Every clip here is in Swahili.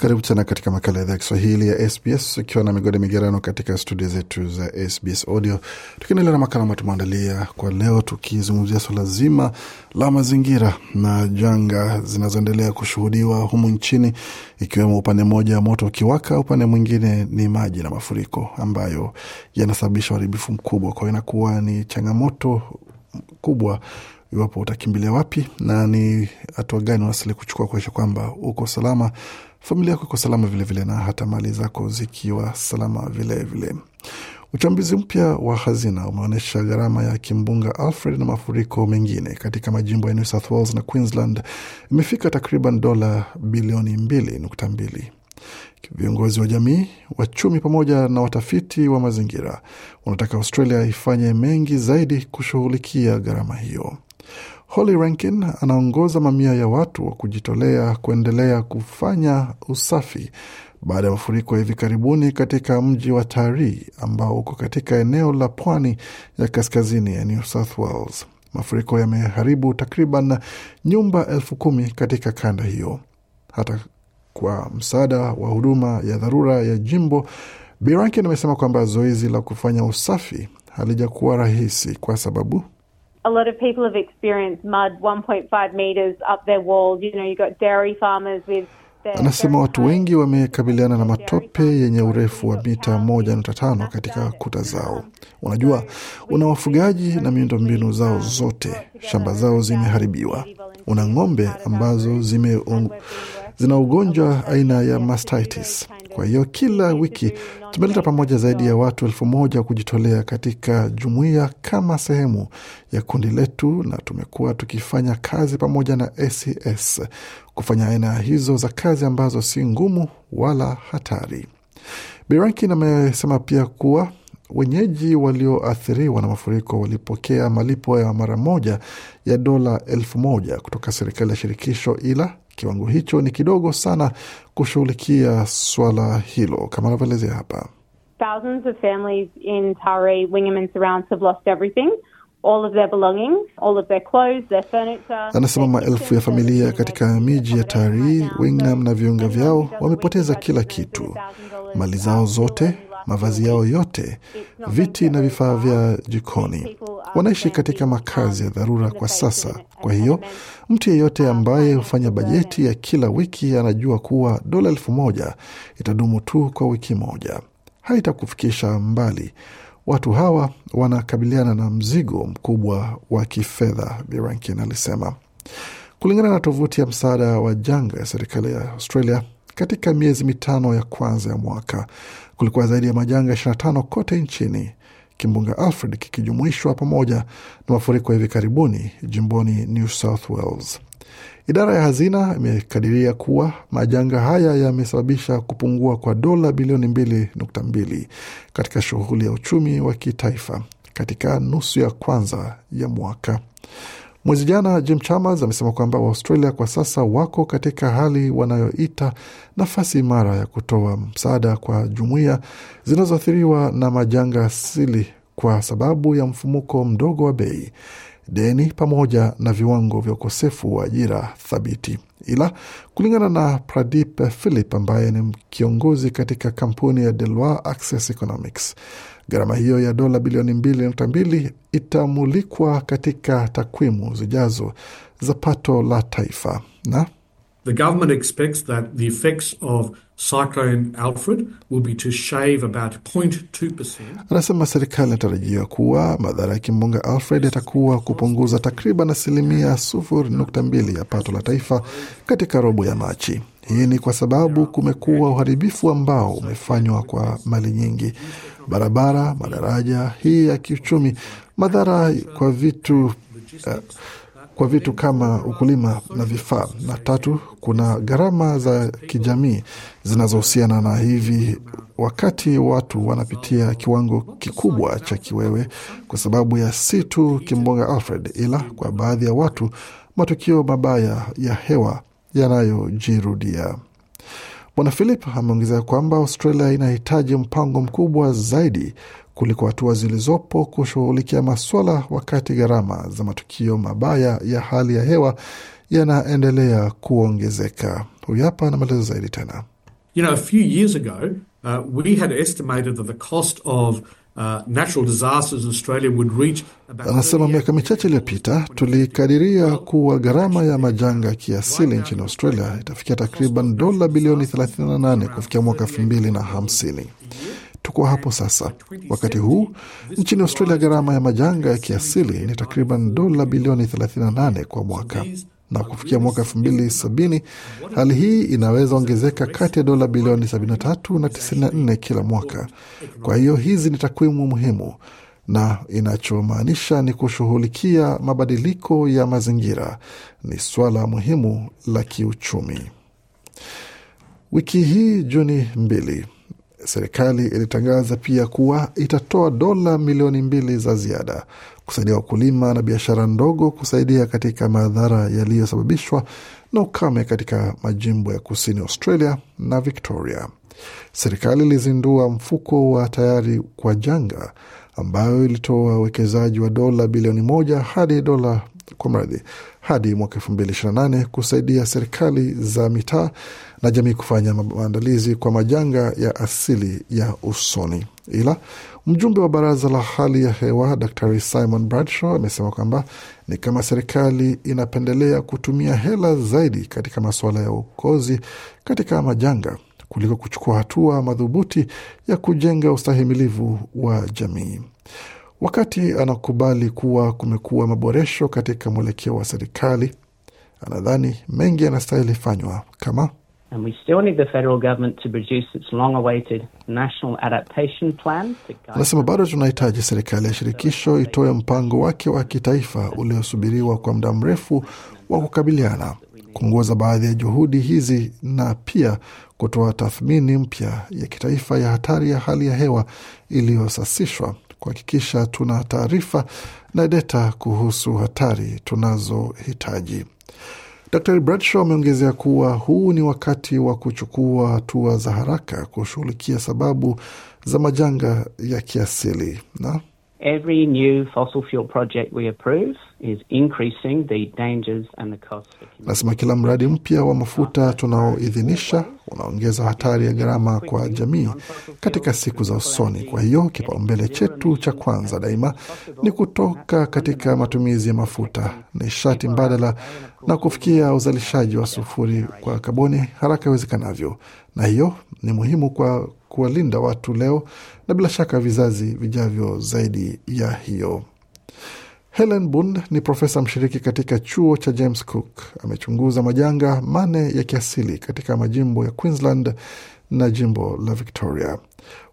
karibu tena katika makala ya idhaa ya Kiswahili ya SBS ukiwa na migode migerano katika studio zetu za SBS Audio, tukiendelea na makala ambayo tumeandalia kwa leo, tukizungumzia swala zima la mazingira na janga zinazoendelea kushuhudiwa humu nchini, ikiwemo upande mmoja moto ukiwaka, upande mwingine ni maji na mafuriko ambayo yanasababisha uharibifu mkubwa. Kwa hiyo inakuwa ni changamoto kubwa iwapo utakimbilia wapi na ni hatua gani unastahili kuchukua kuesha kwamba uko salama, familia yako iko salama vilevile na hata mali zako zikiwa salama vilevile vile. Uchambuzi mpya wa hazina umeonyesha gharama ya kimbunga Alfred na mafuriko mengine katika majimbo ya New South Wales na Queensland imefika takriban dola bilioni 2.2. Viongozi wa jamii, wachumi pamoja na watafiti wa mazingira wanataka Australia ifanye mengi zaidi kushughulikia gharama hiyo. Holly Rankin anaongoza mamia ya watu wa kujitolea kuendelea kufanya usafi baada ya mafuriko ya hivi karibuni katika mji wa Tari ambao uko katika eneo la pwani ya kaskazini ya New South Wales. Mafuriko yameharibu takriban nyumba elfu kumi katika kanda hiyo. Hata kwa msaada wa huduma ya dharura ya jimbo, Birankin amesema kwamba zoezi la kufanya usafi halijakuwa rahisi kwa sababu a lot of people have experienced mud 1.5 meters up their walls. You know, you got dairy farmers with Anasema watu wengi wamekabiliana na matope yenye urefu wa mita moja nukta tano katika kuta zao. Unajua, una wafugaji na miundo mbinu zao zote, shamba zao zimeharibiwa. Una ng'ombe ambazo zime un... zina ugonjwa aina ya mastitis. Kwa hiyo kila wiki tumeleta pamoja zaidi ya watu elfu moja kujitolea katika jumuiya kama sehemu ya kundi letu, na tumekuwa tukifanya kazi pamoja na ACS kufanya aina hizo za kazi ambazo si ngumu wala hatari. Birankin amesema pia kuwa wenyeji walioathiriwa na mafuriko walipokea malipo ya mara moja ya dola elfu moja kutoka serikali ya shirikisho, ila kiwango hicho ni kidogo sana kushughulikia swala hilo kama anavyoelezea hapa. Thousands of families in Wingham and surrounds have lost everything. Anasema maelfu ya familia katika miji ya Taree, Wingham na viunga vyao wamepoteza kila kitu, mali zao zote mavazi yao yote, viti na vifaa vya jikoni. Wanaishi katika makazi ya dharura kwa sasa. Kwa hiyo mtu yeyote ambaye hufanya bajeti ya kila wiki anajua kuwa dola elfu moja itadumu tu kwa wiki moja, haitakufikisha mbali. Watu hawa wanakabiliana na mzigo mkubwa wa kifedha, Birankin alisema, kulingana na tovuti ya msaada wa janga ya serikali ya Australia. Katika miezi mitano ya kwanza ya mwaka kulikuwa zaidi ya majanga 25 kote nchini, kimbunga Alfred kikijumuishwa pamoja na mafuriko ya hivi karibuni jimboni New South Wales. Idara ya hazina imekadiria kuwa majanga haya yamesababisha kupungua kwa dola bilioni 2.2 katika shughuli ya uchumi wa kitaifa katika nusu ya kwanza ya mwaka. Mwezi jana Jim Chalmers amesema kwamba waustralia kwa sasa wako katika hali wanayoita nafasi imara ya kutoa msaada kwa jumuiya zinazoathiriwa na majanga asili kwa sababu ya mfumuko mdogo wa bei, deni pamoja na viwango vya ukosefu wa ajira thabiti. Ila kulingana na Pradip Philip ambaye ni kiongozi katika kampuni ya Deloitte Access Economics, gharama hiyo ya dola bilioni 2.2 itamulikwa katika takwimu zijazo za pato la taifa na The government expects that the effects of Cyclone Alfred will be to shave about 0.2%. Anasema serikali inatarajiwa kuwa madhara ya kimbunga Alfred yatakuwa kupunguza takriban asilimia 0.2 ya pato la taifa katika robo ya Machi. Hii ni kwa sababu kumekuwa uharibifu ambao umefanywa kwa mali nyingi, barabara, madaraja, hii ya kiuchumi, madhara kwa vitu uh, kwa vitu kama ukulima na vifaa, na tatu, kuna gharama za kijamii zinazohusiana na hivi, wakati watu wanapitia kiwango kikubwa cha kiwewe kwa sababu ya si tu kimbunga Alfred, ila kwa baadhi ya watu matukio mabaya ya hewa yanayojirudia. Bwana Philip ameongezea kwamba Australia inahitaji mpango mkubwa zaidi kuliko hatua zilizopo kushughulikia maswala, wakati gharama za matukio mabaya ya hali ya hewa yanaendelea kuongezeka. Huyu hapa ana maelezo zaidi tena. You know, a few years ago, uh, we had estimated that the cost of Uh, anasema miaka michache iliyopita tulikadiria kuwa gharama ya majanga ya kiasili nchini Australia itafikia takriban dola bilioni 38 kufikia mwaka 2050. Tuko hapo sasa. Wakati huu nchini Australia, gharama ya majanga ya kiasili ni takriban dola bilioni 38 kwa mwaka na kufikia mwaka elfu mbili sabini hali hii inaweza ongezeka kati ya dola bilioni 73 na 94 kila mwaka. Kwa hiyo hizi ni takwimu muhimu, na inachomaanisha ni kushughulikia mabadiliko ya mazingira ni swala muhimu la kiuchumi. Wiki hii Juni mbili Serikali ilitangaza pia kuwa itatoa dola milioni mbili za ziada kusaidia wakulima na biashara ndogo kusaidia katika madhara yaliyosababishwa na ukame katika majimbo ya kusini Australia na Victoria. Serikali ilizindua mfuko wa tayari kwa janga ambayo ilitoa uwekezaji wa dola bilioni moja hadi dola kwa mradhi hadi mwaka elfu mbili ishirini na nane kusaidia serikali za mitaa na jamii kufanya maandalizi kwa majanga ya asili ya usoni. Ila mjumbe wa baraza la hali ya hewa Dr Simon Bradshaw amesema kwamba ni kama serikali inapendelea kutumia hela zaidi katika masuala ya uokozi katika majanga kuliko kuchukua hatua madhubuti ya kujenga ustahimilivu wa jamii. Wakati anakubali kuwa kumekuwa maboresho katika mwelekeo wa serikali, anadhani mengi yanastahili fanywa kama Anasema bado tunahitaji serikali ya shirikisho itoe mpango wake wa kitaifa uliosubiriwa kwa muda mrefu wa kukabiliana, kuongoza baadhi ya juhudi hizi na pia kutoa tathmini mpya ya kitaifa ya hatari ya hali ya hewa iliyosasishwa kuhakikisha tuna taarifa na deta kuhusu hatari tunazohitaji. Dr Bradshaw ameongezea kuwa huu ni wakati wa kuchukua hatua za haraka kushughulikia sababu za majanga ya kiasili na Every new fossil fuel project we approve is increasing the dangers and the costs. Nasema kila mradi mpya wa mafuta tunaoidhinisha unaongeza hatari ya gharama kwa jamii katika siku za usoni. Kwa hiyo kipaumbele chetu cha kwanza daima ni kutoka katika matumizi ya mafuta, nishati mbadala na kufikia uzalishaji wa sufuri kwa kaboni haraka iwezekanavyo, na hiyo ni muhimu kwa kuwalinda watu leo na bila shaka vizazi vijavyo zaidi ya hiyo. Helen Bund ni profesa mshiriki katika chuo cha James Cook. Amechunguza majanga mane ya kiasili katika majimbo ya Queensland na jimbo la Victoria.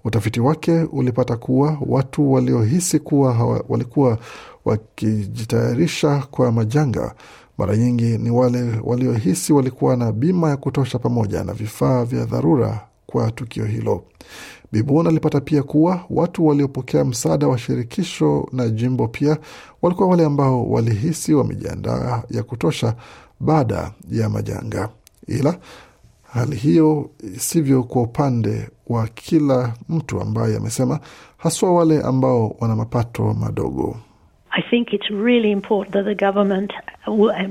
Utafiti wake ulipata kuwa watu waliohisi kuwa walikuwa wakijitayarisha kwa majanga mara nyingi ni wale waliohisi walikuwa na bima ya kutosha pamoja na vifaa vya dharura kwa tukio hilo. bibun alipata pia kuwa watu waliopokea msaada wa shirikisho na jimbo pia walikuwa wale ambao walihisi wamejiandaa ya kutosha baada ya majanga, ila hali hiyo sivyo kwa upande wa kila mtu ambaye amesema, haswa wale ambao wana mapato madogo. I think it's really important that the government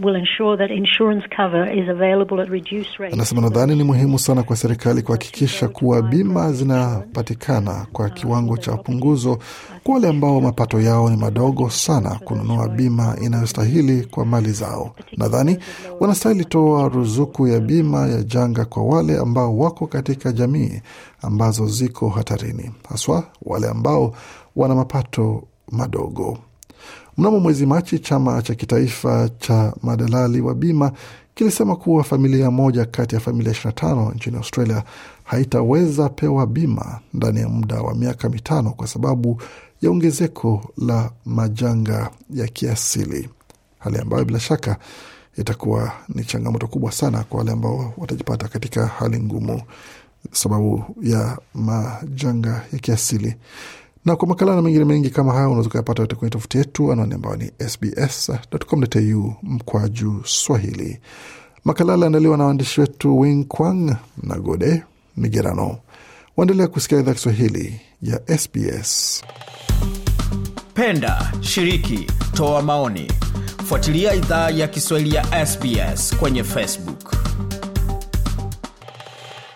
will ensure that insurance cover is available at reduced rates. Anasema nadhani ni muhimu sana kwa serikali kuhakikisha kuwa bima zinapatikana kwa kiwango cha punguzo kwa wale ambao mapato yao ni madogo sana kununua bima inayostahili kwa mali zao. Nadhani wanastahili toa ruzuku ya bima ya janga kwa wale ambao wako katika jamii ambazo ziko hatarini, haswa wale ambao wana mapato madogo. Mnamo mwezi Machi, chama cha kitaifa cha madalali wa bima kilisema kuwa familia moja kati ya familia 25 nchini Australia haitaweza pewa bima ndani ya muda wa miaka mitano kwa sababu ya ongezeko la majanga ya kiasili, hali ambayo bila shaka itakuwa ni changamoto kubwa sana kwa wale ambao watajipata katika hali ngumu sababu ya majanga ya kiasili. Na kwa makala na mengine mengi kama haya unaweza kuyapata kwenye tofuti yetu, anaani ambayo ni sbs.com.au mkwa juu Swahili. Makala aliandaliwa na waandishi wetu Wing Kwang na Gode Migerano. Waendelea kusikia idhaa Kiswahili ya SBS. Penda, shiriki, toa maoni, fuatilia idhaa ya Kiswahili ya SBS kwenye Facebook.